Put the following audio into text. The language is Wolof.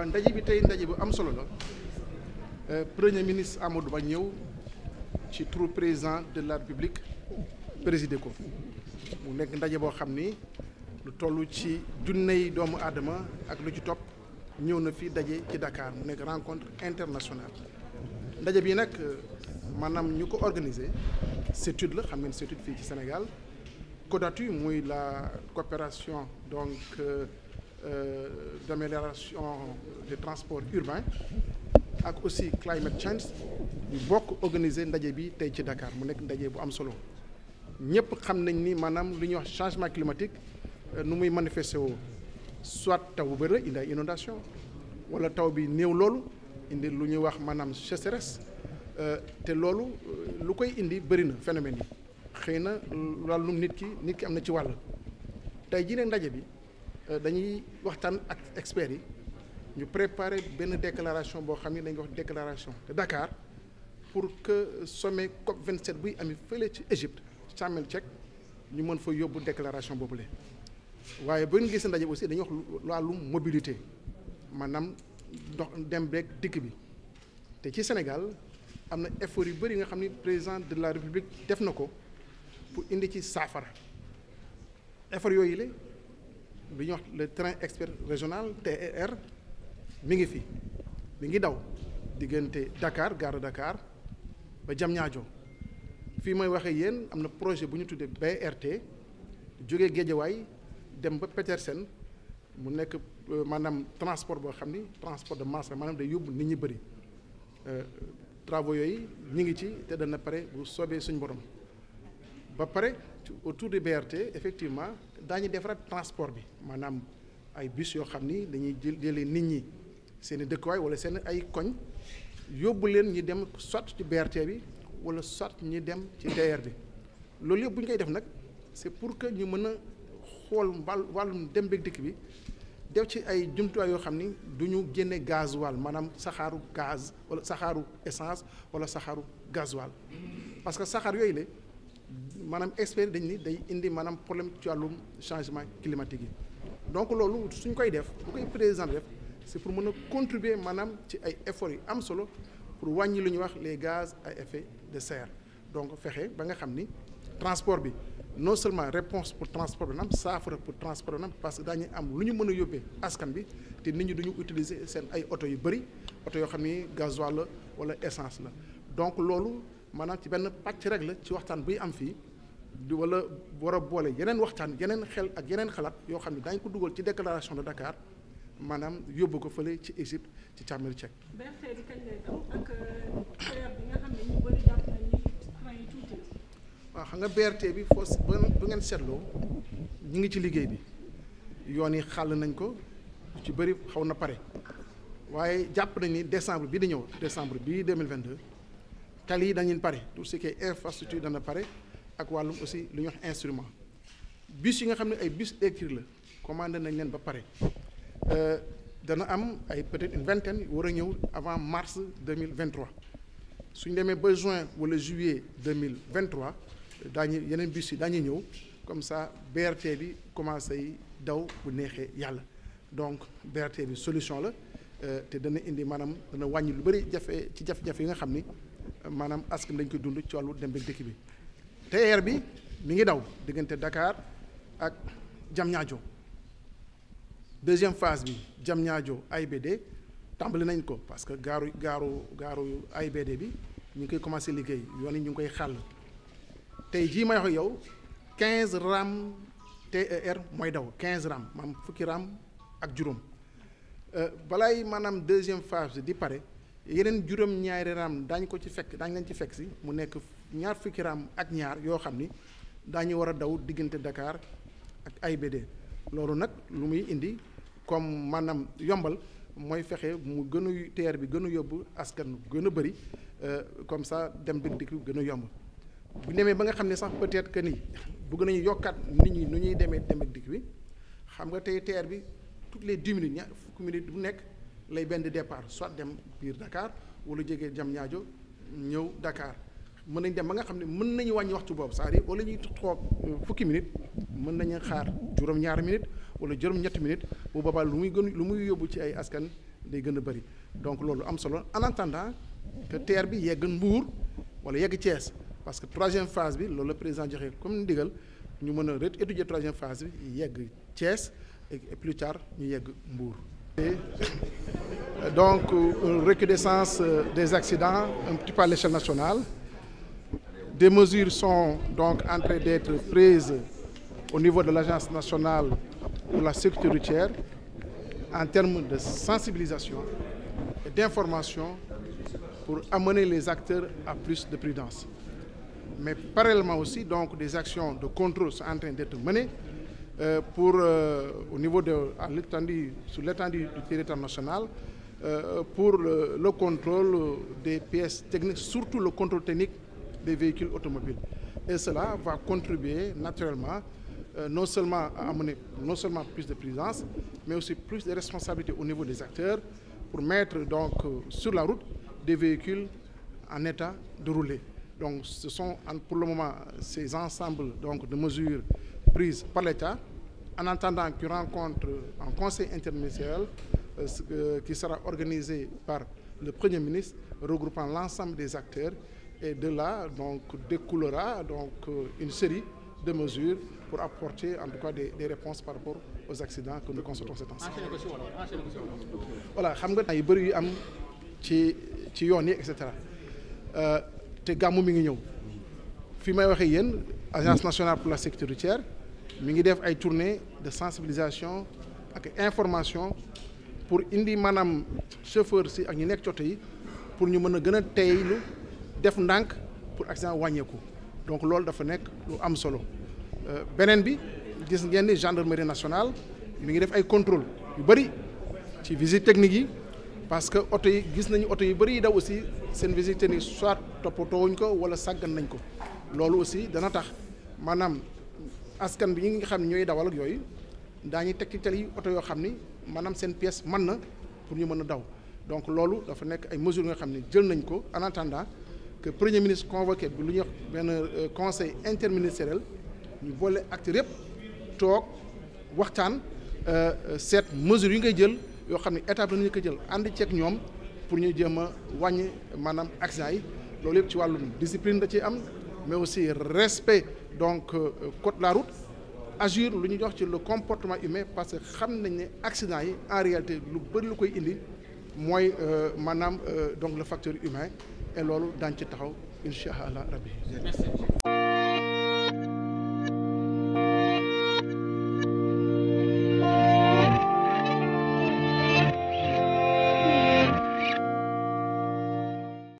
Touba ndaje bi tey ndaje bu am solo la euh, premier ministre Amadou Ba ñëw ci turu président de la République présidé ko mu nekk ndaje boo xam ni lu toll ci junney doomu aadama ak lu ci topp ñëw na fi daje ci Dakar mu nekk rencontre internationale ndaje bi nag maanaam ñu ko organiser CETUD la xam ngeen CETUD fii ci Sénégal CODATU muy la coopération donc. Euh, Euh, d'amélioration des transports urbains ak aussi climate change ñu bokk organiser ndaje bi tey ci Dakar mu nekk ndaje bu am solo ñëpp xam nañ ni maanaam lu ñuy wax changement climatique euh, nu muy manifesté woo soit taw bu bëri indi ay inondation wala taw bi néew loolu indi lu ñuy wax maanaam sécheresse euh, te loolu lu koy indi bëri na phénomène yi xëy na wàllum nit ki nit ki am na ci wàll tey jii ne ndaje bi Euh, dañuy waxtaan ak experts yi ñu préparer benn déclaration boo xam ne dañuy wax déclaration de dakaar pour que sommet COP 27 buy amee fële ci Égypte Sharm el ñu mën fa yóbbu déclaration boobule. waaye bu ñu gisee ndaje aussi dañuy wax wàllu mobilité maanaam dox dem beeg dikk bi te ci Sénégal am na effort yu bëri nga xam ni président de la République def na ko pour indi ci saafara effort yooyu la. bi ñuy wax le train express régional TER mi ngi fi mi ngi daw diggante Dakar gare Dakar ba Diamniadio fii mooy waxee yéen am na projet bu ñu tuddee BRT jógee Géejawaay dem ba Petersen mu nekk euh, maanaam transport boo xam ni transport de masse maanaam day yóbbu nit ñi bëri euh, travaux yooyu ñu ngi ci te na pare bu soobee suñ borom ba pare autour de BRT effectivement. def defaraat transport bi maanaam ay bus yoo xam ni dañuy jël jëlee nit ñi seen i dëkkuwaay wala seen ay koñ yóbbu leen ñu dem soit ci BRT bi wala soit ñu dem ci TER bi loolu yëpp bu ñu koy def nag c'est pour que ñu mën a xool wàll wàllum dem bi dikk bi def ci ay jumtuwaay yoo xam ni du ñu génne gasoil maanaam saxaaru gaz wala saxaaru essence wala saxaaru gaz parce que saxaar yooyu la. maanaam experts dañu ni day indi maanaam problème ci wàllum changement climatique yi donc loolu suñ koy def bu koy président def c'est pour mën a contribuer maanaam ci ay efforts yu am solo pour wàññi lu ñuy wax les gaz ay effet de serre donc fexe ba nga xam ni transport bi non seulement réponse pour transport bi naam saafara pour transport bi naam parce que daañu am lu ñu mën a yóbbee askan bi te nit ñi duñu utiliser seen ay oto yu bëri oto yoo xam ni gaz la wala essence la donc loolu maanaam ci benn pàcc rek la ci waxtaan buy am fii wala war a boole yeneen waxtaan yeneen xel ak yeneen xalaat yoo xam ne daañu ko dugal ci déclaration de Dakar maanaam yóbbu ko fële ci Égypte ci càmmeri Tchèque. Euh, waaw xam nga BRT bi foos ba bu ngeen seetloo ñu ngi ci liggéey bi yoon yi xàll nañ ko ci bëri xaw na pare waaye jàpp nañ ni décembre bi di ñëw decembre bi 2022 tali yi dañuy pare tout ce qui est infrastructure dana pare. ak wàllum aussi lu ñuy wax instrument bus yi nga xam ne ay bus électrique la commandé nañ leen ba pare euh, dana am ay peut-être une vingtaine war a ñëw avant mars deux mille vingt trois demee ba juin wala juillet deux mille vingt trois daañu yeneen bis yi daañu ñëw comme ça BRT bi commencé yi daw bu neexee yàlla donc BRT bi solution la euh, te dana indi maanaam dana wàññi lu bëri jafe ci jafe-jafe yi nga xam ni maanaam askan dañ koy dund ci wàllu dem beeg dëkk bi. TER bi mi ngi daw diggante Dakar ak jam Diamniadio deuxième phase bi Diamniadio AIBD tàmbali nañ ko parce que gaaru gaaru gaaru AIBD bi ñu ngi koy commencé liggéey yoon yi ñu ngi koy xàll tey jii may wax yow quinze ram TER mooy daw quinze ram maam fukki ram ak juróom euh, balaay maanaam deuxième phase di pare yeneen juróom-ñaari ram daañ ko ci fekk daañ leen ci fekk si mu nekk ñaar fukki ak ñaar yoo xam ni daañu war a daw diggante Dakar ak ay AIBD loolu nag lu muy indi comme maanaam yombal mooy fexe mu gën a teer bi gën a yóbbu askan gën a bëri euh, comme ça dem bi dikk gën a yomb bu demee ba nga xam ne sax peut-être ni bëgg nañu yokkaat nit ñi nu ñuy demee dem bi xam nga tey teer bi toutes les dix ñaar fukki minutes bu nekk lay benn départ soit dem biir Dakar wala jege jam ñaajo ñëw dakaar mën nañ dem ba nga xam ne mën nañu wàññi waxtu boobu c'est-à-dire wala ñuy toog fukki minute mën nañu xaar juróom-ñaari minute wala juróom-ñetti minute bu boobaa lu muy gën lu muy yóbbu ci ay askan day gën a bëri donc loolu am solo en attendant bi yegg Mbour wala yegg Thiès parce que troisième phase bi loolu la président joxe comme ndigal ñu mën a étudier troisième phase yegg Thiès et plus tard ñu yegg Mbour. donc euh, recrudescence euh, des accidents un petit peu l'échelle nationale. Des mesures sont donc en train d'être prises au niveau de l'Agence nationale pour la sécurité routière en termes de sensibilisation et d'information pour amener les acteurs à plus de prudence. Mais parallèlement aussi, donc, des actions de contrôle sont en train d'être menées euh, pour, euh, au niveau de, sur l'étendue du territoire national, euh, pour le, le contrôle des pièces techniques, surtout le contrôle technique des véhicules automobiles. Et cela va contribuer naturellement euh, non seulement à amener non seulement plus de présence, mais aussi plus de responsabilité au niveau des acteurs pour mettre donc euh, sur la route des véhicules en état de rouler. Donc ce sont pour le moment ces ensembles donc, de mesures prises par l'État en attendant qu'une rencontre en conseil interministériel euh, euh qui sera organisée par le Premier ministre regroupant l'ensemble des acteurs Et de là, donc, découlera donc, euh, une série de mesures pour apporter en tout cas des, des réponses par rapport aux accidents que nous constatons ces temps voilà xam nga ay bëri yu am ci ci yoon yi et cetera euh, te gàmmu mi ngi ñëw fi may waxee yéen agence nationale pour la sécurité mi ngi def ay tournées de sensibilisation ak information pour indi maanaam chauffeur si ak ñu nekk ci yi pour ñu mën a gën a teylu def ndànk pour accident wàññeeku donc loolu dafa nekk lu am solo euh, beneen bi gis ngeen ni gendarmerie national mi ngi def ay contrôle yu bëri ci visite technique yi parce que oto yi gis nañu oto yu bëri daw aussi seen visite technique soit toppatoowuñ ko wala sàggan nañ ko loolu aussi dana tax maanaam askan bi ñi nga xam ne ñooy dawal yooyu daa ñu teg ci tali oto yoo xam ni maanaam seen pièce mën na pour ñu mën a daw donc loolu dafa nekk ay mesures nga xam ne jël nañ ko en que premier ministre convoqué bi lu ñuy wax benn euh, conseil interministériel ñu boole acteurs yëpp toog waxtaan euh, euh, seet mesures yi ngay jël yoo xam ne état bi nañu ko jël ànd ceeg ñoom pour ñu jéem a wàññi maanaam accident yi loolu yëpp ci wàllum discipline da ciy am mais aussi respect donc code de la lu ñu jox ci le comportement humain parce que xam nañ ne accident yi en réalité lu bëri lu koy indi mooy maanaam donc le facteur humain et loolu daañu ci taxaw incha allah rabbi.